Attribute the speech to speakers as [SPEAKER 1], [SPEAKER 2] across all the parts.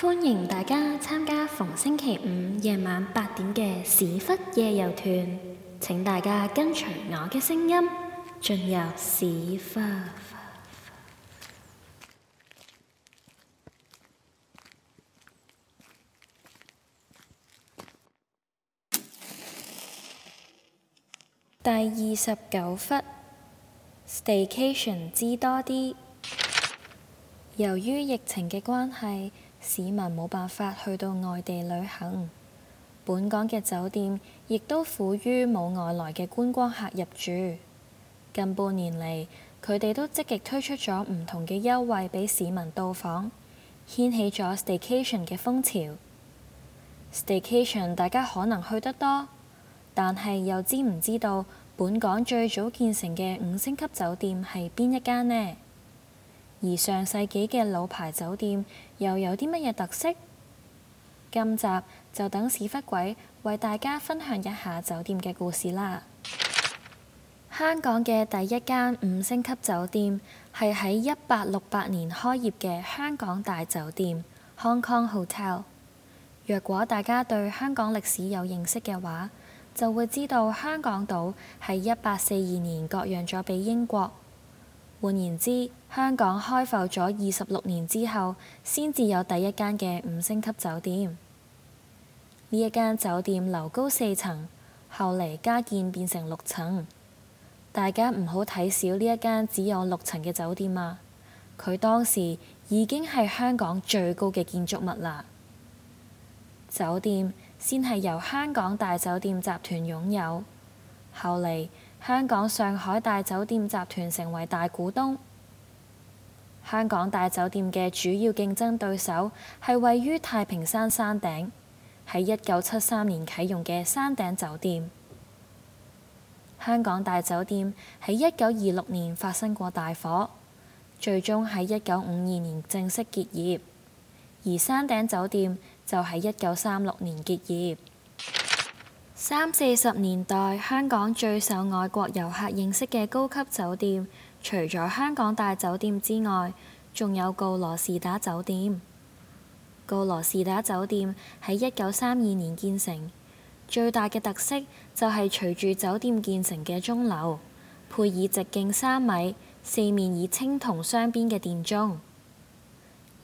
[SPEAKER 1] 歡迎大家參加逢星期五夜晚八點嘅屎忽夜遊團。請大家跟隨我嘅聲音進入屎忽。第二十九窟，Staycation 知多啲。由於疫情嘅關係，市民冇辦法去到外地旅行，本港嘅酒店亦都苦於冇外來嘅觀光客入住。近半年嚟，佢哋都積極推出咗唔同嘅優惠俾市民到訪，掀起咗 station 嘅風潮。station 大家可能去得多，但係又知唔知道本港最早建成嘅五星級酒店係邊一間呢？而上世紀嘅老牌酒店又有啲乜嘢特色？今集就等屎忽鬼為大家分享一下酒店嘅故事啦。 香港嘅第一間五星級酒店係喺一八六八年開業嘅香港大酒店 （Hong Kong Hotel）。若果大家對香港歷史有認識嘅話，就會知道香港島喺一八四二年割讓咗俾英國。換言之，香港開埠咗二十六年之後，先至有第一間嘅五星級酒店。呢一間酒店樓高四層，後嚟加建變成六層。大家唔好睇小呢一間只有六層嘅酒店啊！佢當時已經係香港最高嘅建築物啦。酒店先係由香港大酒店集團擁有，後嚟，香港上海大酒店集團成為大股東。香港大酒店嘅主要競爭對手係位於太平山山頂，喺一九七三年啟用嘅山頂酒店。香港大酒店喺一九二六年發生過大火，最終喺一九五二年正式結業，而山頂酒店就喺一九三六年結業。三四十年代，香港最受外國遊客認識嘅高級酒店，除咗香港大酒店之外，仲有告羅士打酒店。告羅士打酒店喺一九三二年建成，最大嘅特色就係隨住酒店建成嘅鐘樓，配以直徑三米、四面以青銅鑲邊嘅電鐘。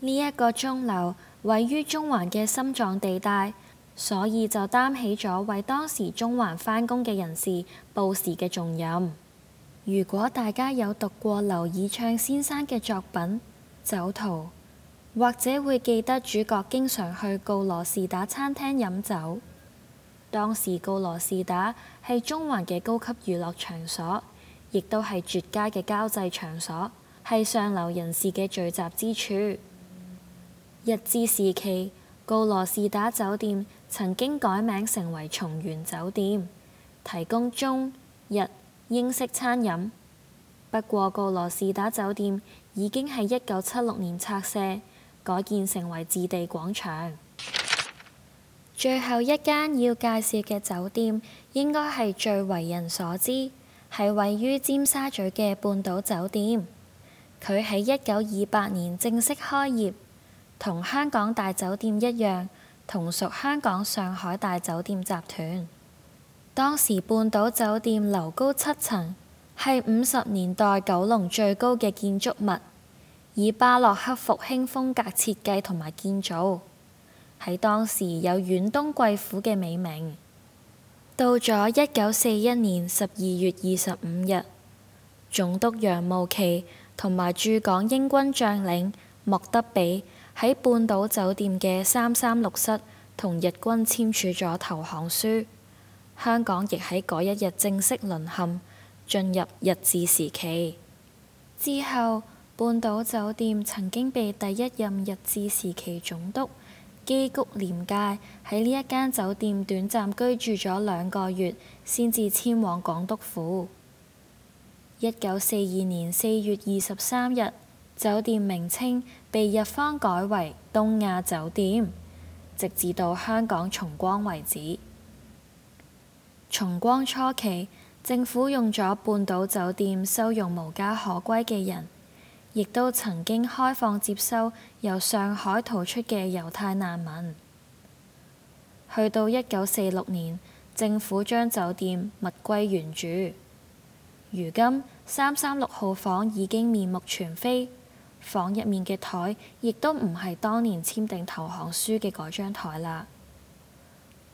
[SPEAKER 1] 呢一個鐘樓位於中環嘅心臟地帶。所以就擔起咗為當時中環返工嘅人士報時嘅重任。如果大家有讀過劉以鬯先生嘅作品《酒徒》，或者會記得主角經常去告羅士打餐廳飲酒。當時告羅士打係中環嘅高級娛樂場所，亦都係絕佳嘅交際場所，係上流人士嘅聚集之處。日治時期，告羅士打酒店曾經改名成為松原酒店，提供中日英式餐飲。不過，告羅士打酒店已經喺一九七六年拆卸，改建成為置地廣場。最後一間要介紹嘅酒店，應該係最為人所知，係位於尖沙咀嘅半島酒店。佢喺一九二八年正式開業，同香港大酒店一樣，同屬香港上海大酒店集團。當時半島酒店樓高七層，係五十年代九龍最高嘅建築物，以巴洛克復興風格設計同埋建造，喺當時有遠東貴婦嘅美名。到咗一九四一年十二月二十五日，總督楊慕琦同埋駐港英軍將領莫德比，喺半島酒店嘅三三六室，同日軍簽署咗投降書。香港亦喺嗰一日正式淪陷，進入日治時期。之後，半島酒店曾經被第一任日治時期總督基谷廉介喺呢一間酒店短暫居住咗兩個月，先至遷往港督府。一九四二年四月二十三日，酒店名稱被日方改為東亞酒店，直至到香港重光為止。重光初期，政府用咗半島酒店收容無家可歸嘅人，亦都曾經開放接收由上海逃出嘅猶太難民。去到一九四六年，政府將酒店物歸原主。如今三三六號房已經面目全非。房入面嘅枱，亦都唔係當年簽訂投降書嘅嗰張枱啦。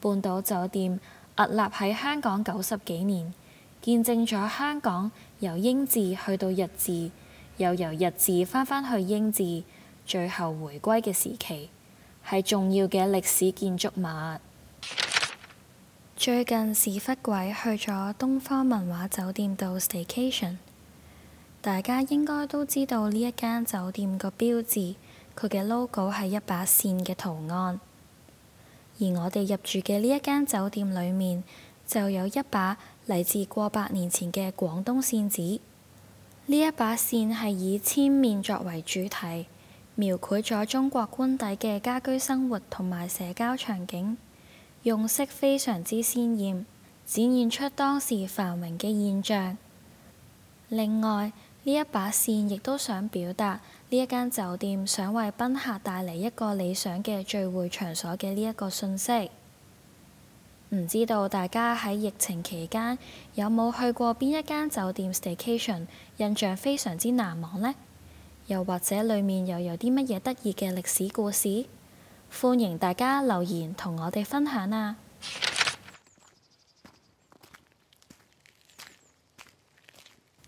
[SPEAKER 1] 半島酒店屹立喺香港九十幾年，見證咗香港由英治去到日治，又由日治翻返去英治，最後回歸嘅時期，係重要嘅歷史建築物。最近屎忽鬼去咗東方文華酒店度 staycation。大家應該都知道呢一間酒店個標誌，佢嘅 logo 係一把扇嘅圖案。而我哋入住嘅呢一間酒店裏面，就有一把嚟自過百年前嘅廣東扇子。呢一把扇係以千面作為主題，描繪咗中國官邸嘅家居生活同埋社交場景，用色非常之鮮豔，展現出當時繁榮嘅現象。另外，呢一把線亦都想表達呢一間酒店想為賓客帶嚟一個理想嘅聚會場所嘅呢一個信息。唔知道大家喺疫情期間有冇去過邊一間酒店 Staycation，印象非常之難忘呢？又或者裡面又有啲乜嘢得意嘅歷史故事？歡迎大家留言同我哋分享啊！